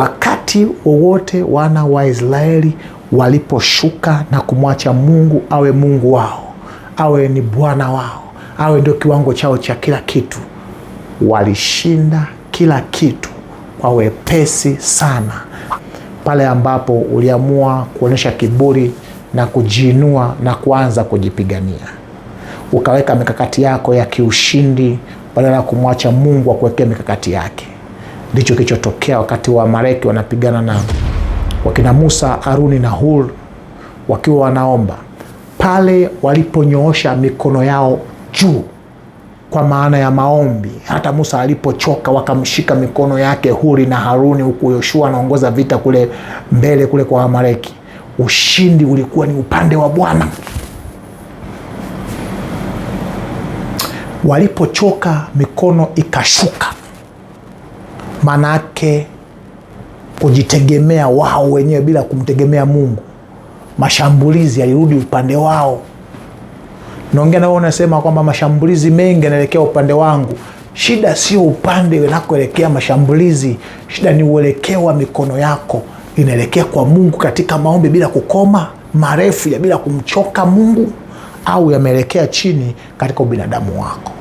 wakati wowote wana wa Israeli waliposhuka na kumwacha Mungu awe Mungu wao, awe ni Bwana wao, awe ndio kiwango chao cha kila kitu, walishinda kila kitu kwa wepesi sana. Pale ambapo uliamua kuonyesha kiburi na kujiinua na kuanza kujipigania, ukaweka mikakati yako ya kiushindi badala ya kumwacha Mungu akuwekea mikakati yake ndicho kilichotokea wakati wa Amaleki wanapigana na wakina Musa, Haruni na Hur wakiwa wanaomba pale waliponyoosha mikono yao juu kwa maana ya maombi. Hata Musa alipochoka wakamshika mikono yake Huri na Haruni, huku Yoshua anaongoza vita kule mbele kule kwa Amaleki. Ushindi ulikuwa ni upande wa Bwana. Walipochoka mikono ikashuka manake kujitegemea wao wenyewe bila kumtegemea Mungu. Mashambulizi yalirudi upande wao. Naongea na unasema kwamba mashambulizi mengi yanaelekea upande wangu. Shida sio upande inakoelekea mashambulizi, shida ni uelekeo wa mikono yako inaelekea kwa Mungu katika maombi bila kukoma, marefu ya bila kumchoka Mungu, au yameelekea chini katika ubinadamu wako.